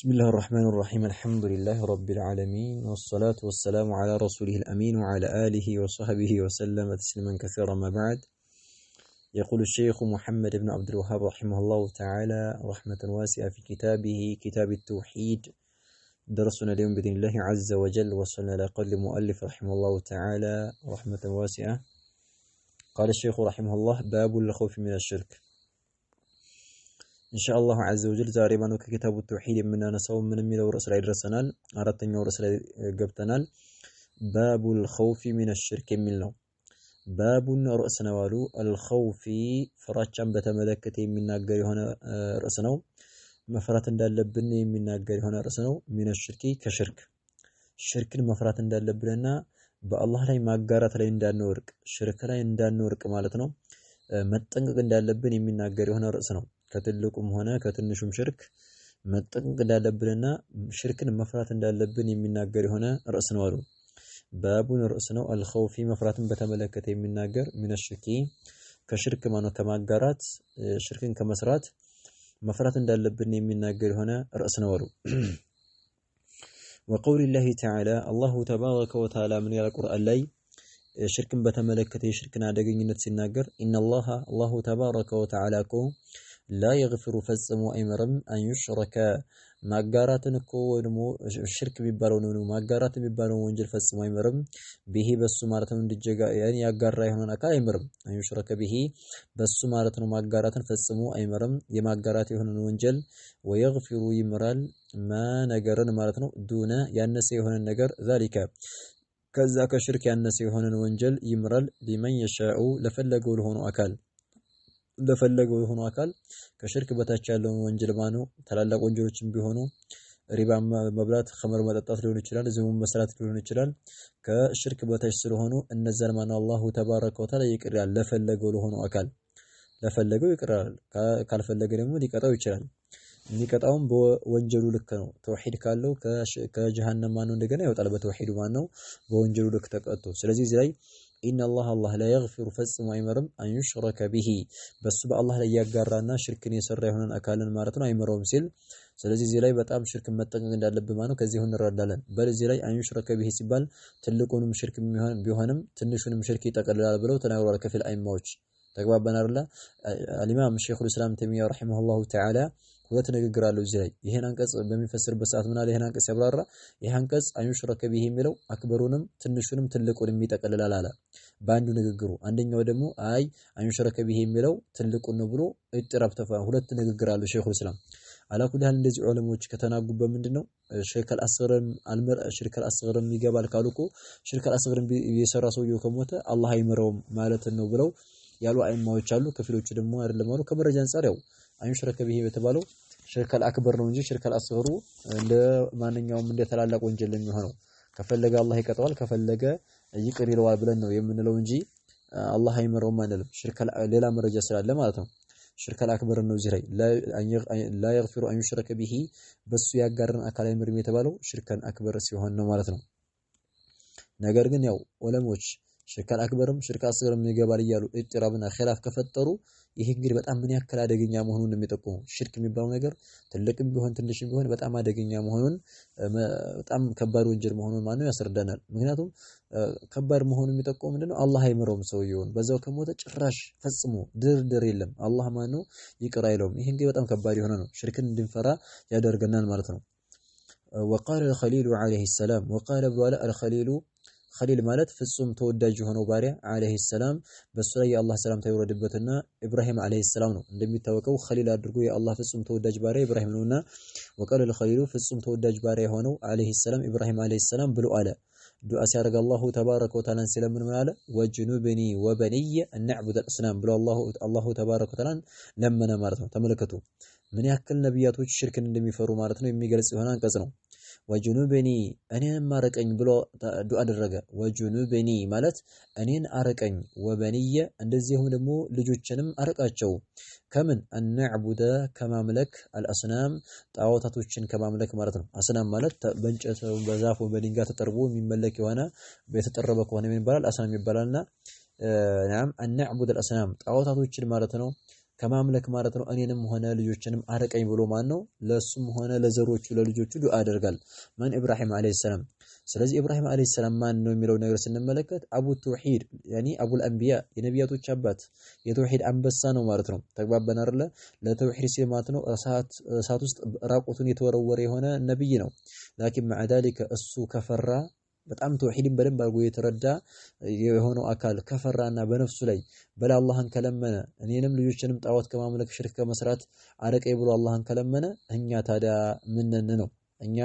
بسم الله الرحمن الرحيم الحمد لله رب العالمين والصلاة والسلام على رسوله الأمين وعلى آله وصحبه وسلم تسلما كثيرا ما بعد يقول الشيخ محمد بن عبد الوهاب رحمه الله تعالى رحمة واسعة في كتابه كتاب التوحيد درسنا اليوم بإذن الله عز وجل وصلنا إلى قول المؤلف رحمه الله تعالى رحمة واسعة قال الشيخ رحمه الله باب الخوف من الشرك ኢንሻአላሁ ዐዘ ወጀል ዛሬ ባነው ከኪታቡ ተውሂድ የምናነሳው ምን የሚለው ርዕስ ላይ ደርሰናል። አራተኛው ርዕስ ላይ ገብተናል። ባቡል ኸውፊ ሚነ ሽርክ የሚል ነው። ባቡን ርዕስ ነው አሉ። አልኸውፊ ፍራቻን በተመለከተ የሚናገር የሆነ ርዕስ ነው። መፍራት እንዳለብን የሚናገር የሆነ ርዕስ ነው። ሚነ ሽርኪ ከሽርክ ሽርክን መፍራት እንዳለብንና በአላህ ላይ ማጋራት ላይ እንዳንወርቅ ሽርክ ላይ እንዳንወርቅ ማለት ነው መጠንቀቅ እንዳለብን የሚናገር የሆነ ርዕስ ነው። كتلكم هنا كتنشم شرك متق لا لبنا شركن مفرات لا لبن من ناجر هنا رأس نورو باب رأس نو الخوف مفرات بتملكة من ناجر من الشركي كشرك ما نتما جرات شركن كمسرات مفرات لا لبن من ناجر هنا رأس نورو وقول الله تعالى الله تبارك وتعالى من القرآن لي شرك بتملكة شركنا دقيقة سناجر إن الله الله تبارك وتعالى كون لا የግፍሩ ፈጽሞ አይምርም አን ዩሽረከ ማጋራትን እኮ ወይ ደግሞ ሽርክ የሚባለው ነው ማጋራት የሚባለው ወንጀል ፈጽሞ አይምርም። ብሄ በሱ ማለት ነው እንድጀጋ ያን ያጋራ የሆነን አካል አይምርም። አን ዩሽረከ ብሄ በሱ ማለት ነው ማጋራትን ፈጽሞ አይምርም። የማጋራት የሆነን ወንጀል ወየግፊሩ ይምራል ማ ነገርን ማለት ነው ዱነ ያነሰ የሆነን ነገር ዛሊከ ከዛ ከሽርክ ያነሰ የሆነን ወንጀል ይምራል ሊመን የሻኡ ለፈለገው ለሆኑ አካል እንደፈለገው የሆኑ አካል ከሽርክ በታች ያለውን ወንጀል ማነው ታላላቅ ወንጀሎችም ቢሆኑ ሪባ መብላት፣ ኸመር መጠጣት ሊሆን ይችላል፣ ዝሙ መስራት ሊሆን ይችላል። ከሽርክ በታች ስለሆኑ እነዛን ማነው አላሁ ተባረከ ወተዓላ ይቅራል፣ ለፈለገው ለሆኑ አካል ለፈለገው ይቅራል። ካልፈለገ ደግሞ ሊቀጣው ይችላል። የሚቀጣውም በወንጀሉ ልክ ነው። ተውሂድ ካለው ከጀሃነም ማነው እንደገና ይወጣል። በተውሂዱ ማነው በወንጀሉ ልክ ተቀጥቶ። ስለዚህ እዚህ ላይ ኢነ አላህ አላህ ላየግፊሩ ፈጽሞ አይምርም አንዩሽረከ ቢሂ በሱ በአላህ ላይ ያጋራና ሽርክን የሰራ የሆነን አካልን ማለት ነው አይምረውም ሲል። ስለዚህ እዚህ ላይ በጣም ሽርክን መጠንቀቅ እንዳለብን ማለት ነው ከዚሁ እንረዳለን። በል እዚህ ላይ አንዩሽረከ ቢሂ ሲባል ትልቁንም ሽርክ ቢሆንም ትንሹንም ሽርክ ይጠቀልላል ብለው ተናግሯል ከፊል አይማዎች። ተግባባን አይደለ? አልኢማም ሸይኹል ኢስላም ተይሚያ ረሒመሁላሁ ተዓላ ሁለት ንግግር አለው እዚህ ላይ ይሄን አንቀጽ በሚፈስርበት ሰዓት ምን አለ ይሄን አንቀጽ ያብራራ። ይሄ አንቀጽ አንዩሽረከ ቢሂ የሚለው አክበሩንም ትንሹንም ትልቁንም ይጠቀልላል አለ በአንዱ ንግግሩ። አንደኛው ደግሞ አይ አንዩሽረከ ቢሂ የሚለው ትልቁን ነው ብሎ እጥራብ ተፋ ሁለት ንግግር አለው ሼኹል ኢስላም አላኩ ያህል እንደዚህ ዑለሞች ከተናጉበት ምንድን ነው ሽርከል አስገርም አልመር ሽርከል አስገርም ይገባል ካሉ እኮ ሽርከል አስገርም የሰራ ሰውየው ከሞተ አላህ አይምረውም ማለት ነው ብለው ያሉ አይማዎች አሉ። ከፊሎቹ ደግሞ አይደለም አሉ። ከመረጃ አንጻር ያው ሽርክ ብሄ በተባለው ሽርከል አክበር ነው እንጂ ሽርከል አስገሩ እንደ ማንኛውም እንደ ታላላቅ ወንጀል የሚሆነው ከፈለገ አላህ ይቀጠዋል፣ ከፈለገ ይቅር ይለዋል ብለን ነው የምንለው እንጂ አላህ አይምረውም አንልም። ሌላ መረጃ ስላለ ማለት ነው። ሽርከል አክበር ነው እዚህ ላይ ላ የግፊሩ አን ዩሽረከ ቢሂ በሱ ያጋርን አካል አይምርም የተባለው ሽርከን አክበር ሲሆን ነው ማለት ነው። ነገር ግን ያው ዑለሞች ሽርካል አክበርም ሽርክ አስገርም ይገባል እያሉ እጥራብና ኺላፍ ከፈጠሩ ይሄ እንግዲህ በጣም ምን ያክል አደገኛ መሆኑን የሚጠቁሙ ሽርክ የሚባለው ነገር ትልቅም ቢሆን ትንሽም ቢሆን በጣም አደገኛ መሆኑን በጣም ከባድ ወንጀል መሆኑን ማነው ያስረዳናል። ምክንያቱም ከባድ መሆኑን የሚጠቁሙ ምንድነው አላህ አይምረውም ሰውየውን በዛው ከሞተ ጭራሽ ፈጽሞ ድርድር የለም አላህ ማነው ይቅር አይለውም። ይሄ እንግዲህ በጣም ከባድ የሆነ ነው፣ ሽርክን እንድንፈራ ያደርገናል ማለት ነው። ወቃለ አልኸሊሉ ዓለይሂ ሰላም ወቃለ በኋላ አልኸሊሉ ኸሊል ማለት ፍጹም ተወዳጅ የሆነው ባሪያ አለይሂ ሰላም በሱ ላይ የአላህ ሰላምታ ይወረድበትና ኢብራሂም አለይሂ ሰላም ነው። እንደሚታወቀው ኸሊል አድርጎ የአላህ ፍጹም ተወዳጅ ባሪያ ኢብራሂም ነውና ወቀለል ኸሊሉ ፍጹም ተወዳጅ ባሪያ የሆነው አለይሂ ሰላም ኢብራሂም አለይሂ ሰላም ብሎ አለ። ዱዓ ሲያደርግ አላሁ ተባረከ ወተዓላን ሲለምን ምን አለ? ወጅኑብኒ ወበኒየ እንዕቡደል አስናም ብሎ አላሁ ተባረከ ወተዓላን ለመነ ማለት ነው። ተመለከቱ ምን ያክል ነቢያቶች ሽርክን እንደሚፈሩ ማለት ነው። የሚገልጽ የሆነ አንቀጽ ነው። ወጅኑብኒ እኔን ማረቀኝ ብሎ ዱዓ አደረገ። ወጅኑብኒ ማለት እኔን አረቀኝ፣ ወበንየ እንደዚሁም ደግሞ ልጆችንም አረቃቸው ከምን አንዕቡደ ከማምለክ አልአስናም ጣዖታቶችን ከማምለክ ማለት ነው። አስናም ማለት በእንጨት በዛፉ በድንጋይ ተጠርቦ የሚመለክ የሆነ የተጠረበ ከሆነ ምን ይባላል አስናም ይባላልና፣ ናም አንዕቡደ አልአስናም ጣዖታቶችን ማለት ነው። ከማምለክ ማለት ነው። እኔንም ሆነ ልጆችንም አረቀኝ ብሎ ማን ነው? ለሱም ሆነ ለዘሮቹ ለልጆቹ ዱዓ ያደርጋል። ማን? ኢብራሂም አለይሂ ሰላም። ስለዚህ ኢብራሂም አለይሂ ሰላም ማን ነው የሚለው ነገር ስንመለከት አቡ ተውሂድ ያኒ አቡል አንቢያ የነቢያቶች አባት የተውሂድ አንበሳ ነው ማለት ነው። ተግባባን አይደለ? ለተውሂድ ሲል ማለት ነው እሳት እሳት ውስጥ ራቁቱን የተወረወረ የሆነ ነብይ ነው። ላኪን ማዕዳሊከ እሱ ከፈራ በጣም ተውሂድን በደንብ አድርጎ የተረዳ የሆነው አካል ከፈራና በነፍሱ ላይ በላ አላህን ከለመነ እኔንም ልጆችንም ጣዖት ከማምለክ ሽርክ ከመስራት አረቄ ብሎ አላህን ከለመነ እኛ ታዲያ ምንን ነው? እኛ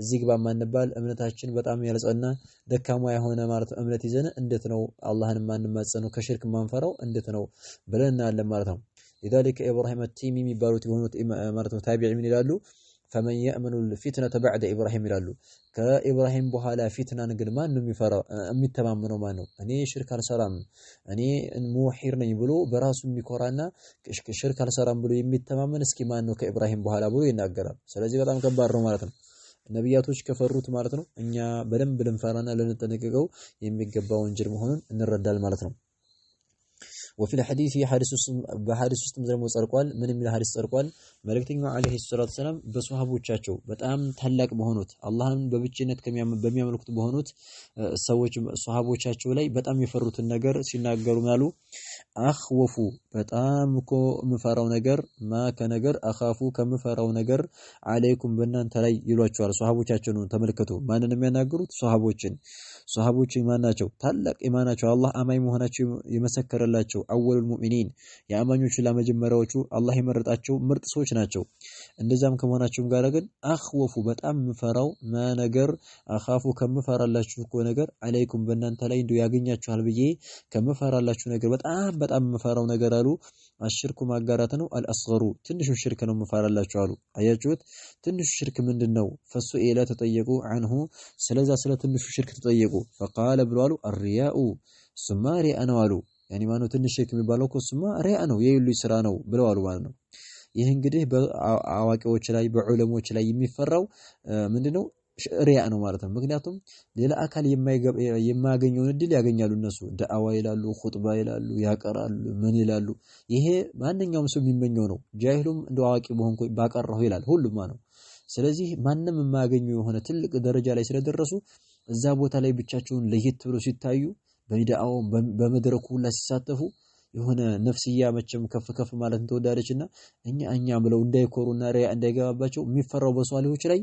እዚህ ግባ ማንባል እምነታችን በጣም ያልጸና ደካማ የሆነ ማለት ነው። እምነት ይዘን እንዴት ነው አላህን ማንማጸነው ከሽርክ ማንፈራው እንዴት ነው ብለን እናያለን ማለት ነው። ሊዛሊከ ኢብራሂም አቲሚ የሚባሉት የሆኑት ማለት ነው ታቢዒ ምን ይላሉ? ፈመን የእመኑል ፊትነተ በዕደ ኢብራሂም ይላሉ። ከኢብራሂም በኋላ ፊትናን ግን ማን ነው የሚፈራው? የሚተማመነው ማን ነው? እኔ ሽርክ አልሰራም እኔ ሙሒር ነኝ ብሎ በራሱ የሚኮራና ሽርክ አልሰራም ብሎ የሚተማመን እስኪ ማን ነው ከኢብራሂም በኋላ ብሎ ይናገራል። ስለዚህ በጣም ከባድ ነው ማለት ነው። ነቢያቶች ከፈሩት ማለት ነው እኛ በደንብ ልንፈራና ልንጠነቀቀው የሚገባ ወንጀል መሆኑን እንረዳል ማለት ነው። ወፊ ልሐዲስ በሐዲስ ውስጥ ደግሞ ጸድቋል። ምን የሚል ሐዲስ ጸድቋል? መልእክተኛው ዓለይሂ ሰላቱ ሰላም በሶሃቦቻቸው በጣም ታላቅ በሆኑት አላህን በብቸነት በሚያመልኩት በሆኑት ሰዎች ሶሃቦቻቸው ላይ በጣም የፈሩትን ነገር ሲናገሩ ምናሉ አኽወፉ በጣም እኮ የምፈራው ነገር ማ ከነገር አኻፉ ከምፈራው ነገር አለይኩም በእናንተ ላይ ይሏቸዋል። ሶሃቦቻቸውን ተመልከቱ። ማንን የሚያናግሩት? ሶሃቦችን። ሶሃቦች ማን ናቸው? ታላቅ ኢማናቸው አላህ አማኝ መሆናቸው የመሰከረላቸው አወሉል ሙእሚኒን የአማኞቹ ለመጀመሪያዎቹ አላህ የመረጣቸው ምርጥ ሰዎች ናቸው። እንደዛም ከመሆናቸውም ጋር ግን አኽወፉ በጣም የምፈራው ማ ነገር አኻፉ ከምፈራላችሁ እኮ ነገር አለይኩም በእናንተ ላይ እንዲሁ ያገኛችኋል ብዬ ከምፈራላችሁ ነገር በጣም በጣም በጣም የምፈራው ነገር አሉ አሽርኩ ማጋራት ነው። አልአስገሩ ትንሹ ሽርክ ነው የምፈራላችሁ አሉ። አያችሁት? ትንሹ ሽርክ ምንድን ነው? ፈሱ ኢላ ተጠየቁ አንሁ ስለዛ ስለ ትንሹ ሽርክ ተጠየቁ። ፈቃለ ብሎ አሉ አርያኡ ሱማ ሪያ ነው አሉ። ያኔ ማነው ትንሽ ሽርክ የሚባለው እኮ እሱማ ሪያ ነው የሌሎች ስራ ነው ብለው አሉ ማለት ነው። ይህ እንግዲህ በአዋቂዎች ላይ በዑለሞች ላይ የሚፈራው ምንድነው? ሪያ ነው ማለት ነው። ምክንያቱም ሌላ አካል የማያገኘውን እድል ያገኛሉ እነሱ ደአዋ ይላሉ፣ ኹጥባ ይላሉ፣ ያቀራሉ፣ ምን ይላሉ። ይሄ ማንኛውም ሰው የሚመኘው ነው። ጃሂሉም እንደ አዋቂ በሆንኩ ባቀራሁ ይላል ሁሉማ ነው። ስለዚህ ማንም የማያገኘው የሆነ ትልቅ ደረጃ ላይ ስለደረሱ እዛ ቦታ ላይ ብቻቸውን ለየት ብሎ ሲታዩ በዳአዋው በመድረኩ ሁላ ሲሳተፉ የሆነ ነፍስያ መቼም ከፍ ከፍ ማለት ትወዳለች እና እኛ እኛ ብለው እንዳይኮሩና ሪያ እንዳይገባባቸው የሚፈራው በሷሊሆች ላይ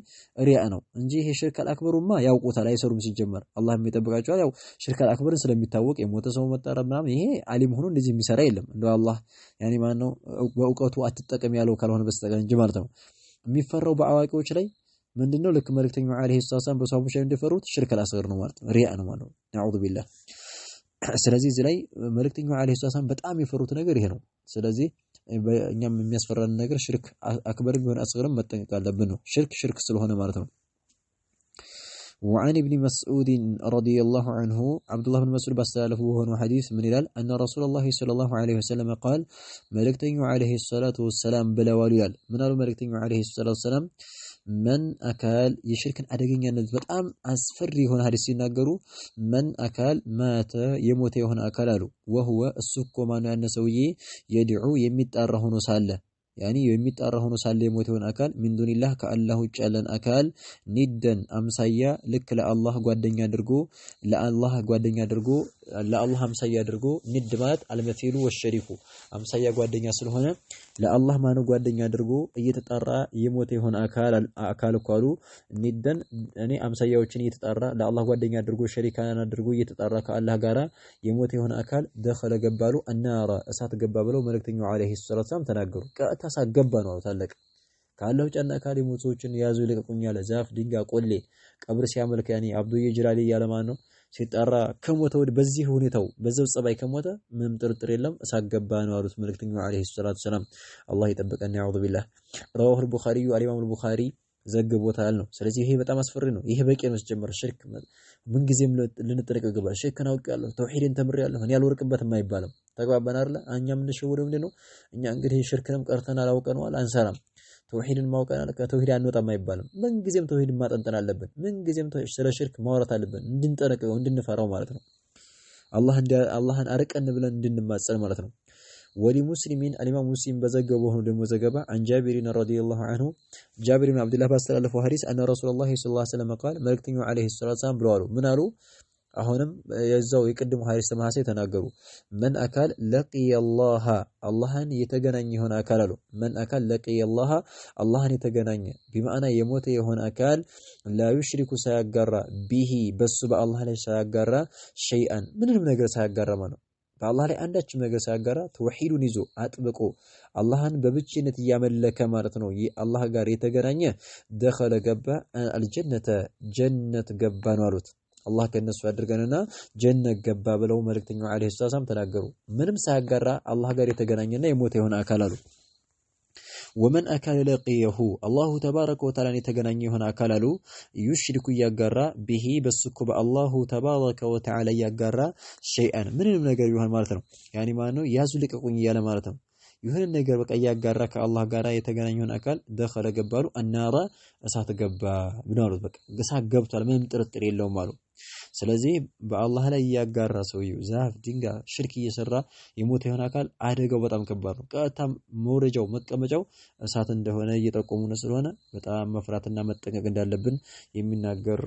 ሪያ ነው እንጂ ይሄ ሽርካል አክበሩማ ያውቁታል፣ አይሰሩም። ሲጀመር አላህ የሚጠብቃቸዋል። ያው ሽርክ አክበርን ስለሚታወቅ የሞተ ሰው መጠረብ ምናምን ይሄ አሊም ሆኖ እንደዚህ የሚሰራ የለም። እንደ አላህ ያኔ ማን ነው በእውቀቱ አትጠቀም ያለው ካልሆነ በስተቀር እንጂ ማለት ነው። የሚፈራው በአዋቂዎች ላይ ምንድነው? ልክ መልእክተኛው አለይሂ ሰላም በሷቦች ላይ እንደፈሩት ሽርክ አስገር ነው ማለት ነው፣ ሪያ ነው ማለት ነው። አዑዙ ቢላህ ስለዚህ እዚህ ላይ መልእክተኛው ዓለይሂ ሰላም በጣም የፈሩት ነገር ይሄ ነው። ስለዚህ እኛም የሚያስፈራን ነገር ሽርክ አክበርም ቢሆን አስገርም መጠንቀቅ አለብን ነው። ሽርክ ሽርክ ስለሆነ ማለት ነው። وعن ابن مسعود رضي الله عنه عبد الله بن مسعود باستالف وهو حديث من الال أن رسول الله صلى الله عليه وسلم قال ملكتني عليه الصلاة والسلام بلا والي من قال ملكتني عليه الصلاة والسلام መን አካል የሽርክን አደገኛነት በጣም አስፈሪ የሆነ ሀዲስ ሲናገሩ መን አካል ማተ የሞተ የሆነ አካል አሉ። ወህወ እሱ እኮ ማነው ያነ ሰውዬ የድዑ የሚጣራ ሆኖ ሳለ ያኒ የሚጣራ ሆኖ ሳለ የሆነ አካል ሚን ዱኒላህ ከአላህ ውጭ ያለን አካል ኒደን አምሳያ ልክ ለአላህ ጓደኛ አድርጎ ለአላህ ጓደኛ አድርጎ ለአላህ አምሳያ አድርጎ ኒድ ማለት አልመሲሉ ወሸሪኩ አምሳያ ጓደኛ ስለሆነ ለአላህ ማነው ጓደኛ አድርጎ እየተጣራ የሞተ የሆነ አካል አካል እኮ አሉ ኒደን እኔ አምሳያዎችን እየተጣራ ለአላህ ጓደኛ አድርጎ ሸሪካን አድርጎ እየተጣራ ከአላህ ጋራ የሞተ የሆነ አካል ደኸለ ገባሉ አናራ እሳት ገባ ብለው መልእክተኛው ዓለይሂ ሰላም ተናገሩ። ታሳገባ ነው ታለቀ ካለው ጨና ካሊ ሞቶችን ያዙ ይለቀቁኛል። ዛፍ ድንጋይ ቆሌ ቀብር ሲያመልክ ያኔ አብዱዬ ጅላሊ ያለማን ነው ሲጠራ ከሞተ ወዲህ በዚህ ሁኔታው በዛው ጸባይ ከሞተ ምንም ጥርጥር የለም እሳገባ ነው አሉት መልእክተኛው አለይሂ ሰላቱ ሰላም አላህ ይጠብቀን። ያውዱ ቢላህ ረዋሁ አልቡኻሪዩ አልኢማም ቡኻሪ ዘግቦታል ነው። ስለዚህ ይሄ በጣም አስፈሪ ነው። ይሄ በቂ ነው። ሲጀመር ሽርክ ምንጊዜም ልንጠነቀቅ ይገባል። ሽርክን አውቄያለሁ፣ ተውሂድን ተምሬያለሁ፣ እኔ አልወርቅበትም አይባልም። ተግባባን አይደለ? እኛ የምንሸወደው ምንድን ነው? እኛ እንግዲህ ሽርክንም ቀርተናል፣ አውቀነዋል፣ አንሰራም። ተውሂድን ማውቀናል፣ ከተውሂድ አንወጣም አይባልም። ምንጊዜም ተውሂድን ማጠንጠን አለብን። ምንጊዜም ስለ ሽርክ ማውራት አለብን፣ እንድንጠነቀቀው፣ እንድንፈራው ማለት ነው። አላህን አርቀን ብለን እንድንማጸን ማለት ነው። ولمسلم الإمام مسلم بزجبه لما زجبه عن جابر رضي الله عنه جابر بن عبد الله باستلف حديث أن رسول الله صلى الله عليه وسلم قال ملكتني عليه الصلاة والسلام بلوالو من أرو አሁንም የዛው የቅድሙ ሐዲስ ተመሳሳይ ተናገሩ። መን አካል ለቂየላሃ አላህን የተገናኘ የሆነ አካል አሉ። መን አካል ለቂየላሃ አላህን የተገናኘ ቢማዕና የሞተ የሆነ አካል ላዩሽሪኩ ሳያጋራ ቢሂ በሱ በአላህ ላይ ሳያጋራ ሸይአን ምንንም ነገር ሳያጋራ ማለት ነው በአላህ ላይ አንዳች ነገር ሲያጋራ ተውሂዱን ይዞ አጥብቆ አላህን በብቸነት እያመለከ ማለት ነው። አላህ ጋር የተገናኘ ደኸለ ገባ አልጀነተ ጀነት ገባ ነው አሉት። አላህ ከነሱ ያድርገንና ጀነት ገባ ብለው መልእክተኛው ዓለይሂ ሰላም ተናገሩ። ምንም ሳያጋራ አላህ ጋር የተገናኘና የሞተ የሆነ አካል አሉ። ወመን አካል ለቅየሁ አላሁ ተባረከ ወተዓላን የተገናኘ የሆነ አካል አሉ ዩሽሪኩ እያጋራ ብሂ በሱኮ በአላሁ ተባረከ ወተዓላ እያጋራ ሸይአን ምንንም ነገር ይሆን ማለት ነው። ያኔ ማለት ነው ያዙ ልቀቁኝ እያለ ማለት ነው። ይሁን ነገር በቃ እያጋራ ከአላህ ጋር የተገናኘውን አካል ደኸለ ገባሉ አናራ እሳት ገባ ብናሉት በቃ እሳት ገብቷል፣ ምንም ጥርጥር የለውም አሉ። ስለዚህ በአላህ ላይ እያጋራ ሰውየው ዛፍ ድንጋይ ሽርክ እየሰራ የሞተ የሆነ አካል አደጋው በጣም ከባድ ነው። ቀጥታም መውረጃው መቀመጫው እሳት እንደሆነ እየጠቆሙ ነው። ስለሆነ በጣም መፍራትና መጠንቀቅ እንዳለብን የሚናገር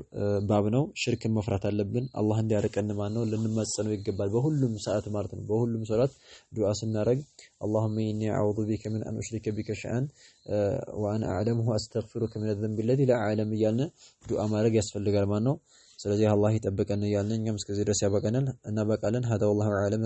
ባብ ነው። ሽርክን መፍራት አለብን። አላህ እንዲያርቀን ማን ነው ልንማጸነው ይገባል። በሁሉም ሰዓት ማለት ነው። በሁሉም ሰላት ዱዓ ስናረግ اللهم إني أعوذ بك من أن أشرك بك شيئا وأنا أعلمه وأستغفرك من الذنب الذي لا أعلم እያልን ዱዓ ማድረግ ያስፈልጋል ማለት ነው። ስለዚህ አላህ ይጠብቀን እያልን እኛም እስከዚህ ድረስ ያበቀንን እናበቃለን። ሀዳ ወላሁ አለም።